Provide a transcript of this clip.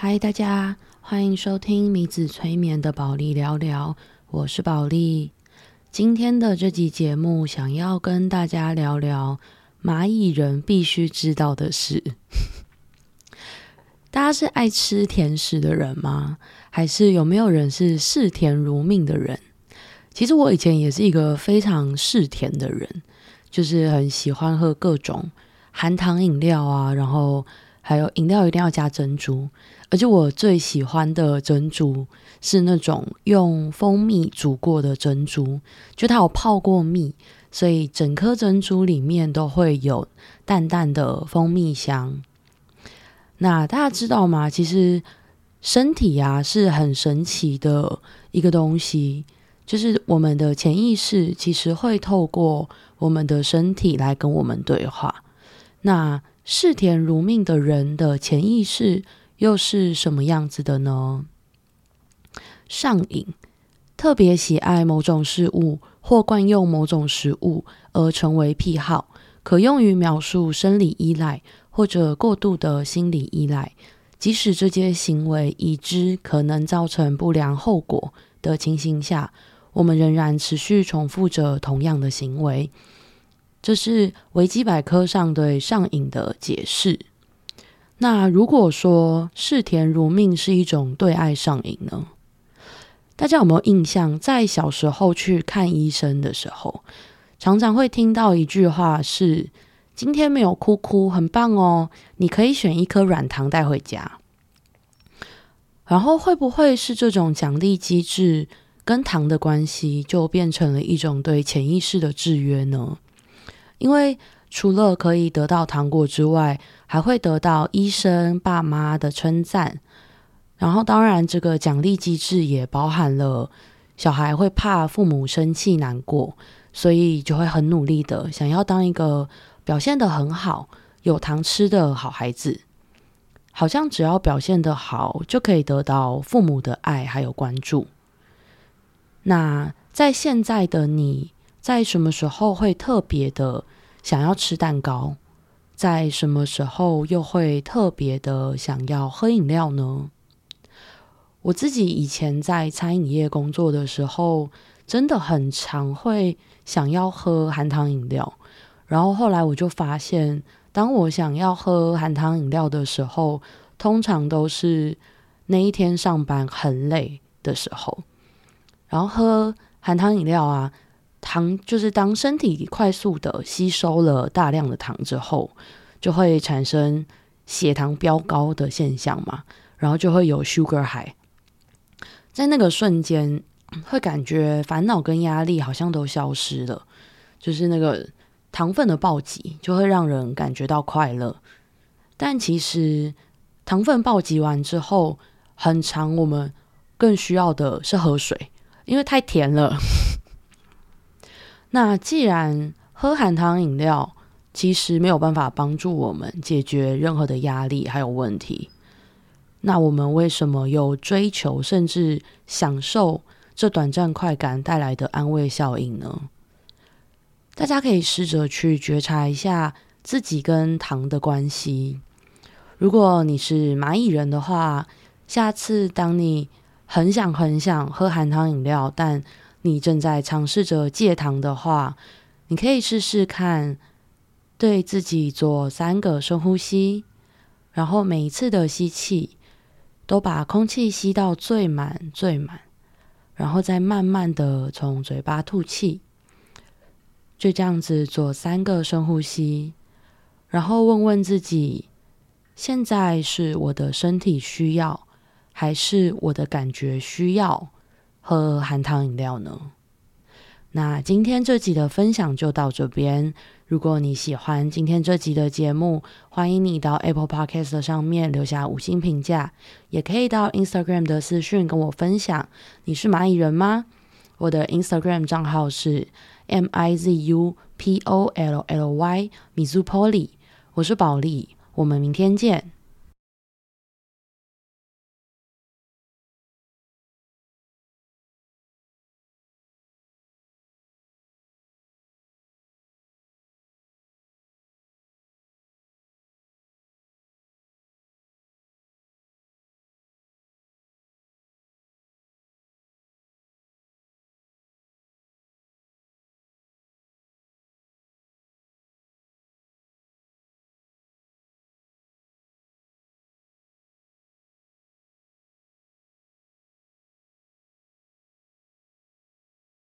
嗨，大家，歡迎收聽米子催眠的保利聊聊，我是保利。今天的這集節目，想要跟大家聊聊螞蟻人必須知道的事。 大家是愛吃甜食的人嗎？還是有沒有人是嗜甜如命的人？其實我以前也是一個非常嗜甜的人，就是很喜歡喝各種含糖飲料啊，然後。還有飲料一定要加珍珠，而且我最喜歡的珍珠是那種用蜂蜜煮過的珍珠，就它有泡過蜜，所以整顆珍珠裡面都會有淡淡的蜂蜜香。那大家知道嗎？其實身體啊是很神奇的一個東西，就是我們的潛意識其實會透過我們的身體來跟我們對話。那嗜甜如命的人的潛意識又是什麼樣子的呢？上癮，特別喜愛某種事物或慣用某種食物而成為癖好，可用於描述生理依賴或者過度的心理依賴。即使這些行為已知可能造成不良後果的情形下，我們仍然持續重複着同樣的行為。這是維基百科上對上癮的解釋。那如果說嗜甜如命是一種對愛上癮呢？大家有沒有印象，在小時候去看醫生的時候，常常會聽到一句話是：“今天沒有哭哭，很棒哦，你可以選一顆軟糖帶回家。”然後會不會是這種獎勵機制跟糖的關係，就變成了一種對潛意識的制約呢？因為除了可以得到糖果之外，還會得到醫生、爸媽的稱讚。然後，當然，這個獎勵機制也包含了小孩會怕父母生氣、難過，所以就會很努力的想要當一個表現得很好、有糖吃的好孩子。好像只要表現得好，就可以得到父母的愛還有關注。那在現在的你，在什麼時候會特別的想要吃蛋糕？在什麼時候又會特別的想要喝飲料呢？我自己以前在餐飲業工作的時候，真的很常會想要喝含糖飲料。然後後來我就發現，當我想要喝含糖飲料的時候，通常都是那一天上班很累的時候，然後喝含糖飲料啊。糖就是當身體快速的吸收了大量的糖之後，就會產生血糖飆高的現象嘛，然後就會有 sugar high。在那個瞬間，會感覺煩惱跟壓力好像都消失了，就是那個糖分的暴擊就會讓人感覺到快樂。但其實糖分暴擊完之後，很常我們更需要的是喝水，因為太甜了。那既然喝含糖飲料其實沒有辦法幫助我們解決任何的壓力還有問題，那我們為什麼要追求甚至享受這短暫快感帶來的安慰效應呢？大家可以試着去覺察一下自己跟糖的關係。如果你是螞蟻人的話，下次當你很想很想喝含糖飲料，但你正在嘗試着戒糖的話，你可以試試看，對自己做三個深呼吸，然後每一次的吸氣都把空氣吸到最滿最滿，然後再慢慢的從嘴巴吐氣，就這樣子做三個深呼吸，然後問問自己，現在是我的身體需要，還是我的感覺需要？喝含糖飲料呢？那今天這集的分享就到這邊。如果你喜歡今天這集的節目，歡迎你到 Apple Podcast 上面留下五星評價，也可以到 Instagram 的私訊跟我分享。你是螞蟻人嗎？我的 Instagram 賬號是 M I Z U P O L L Y Mizupolly。我是寶利，我們明天見。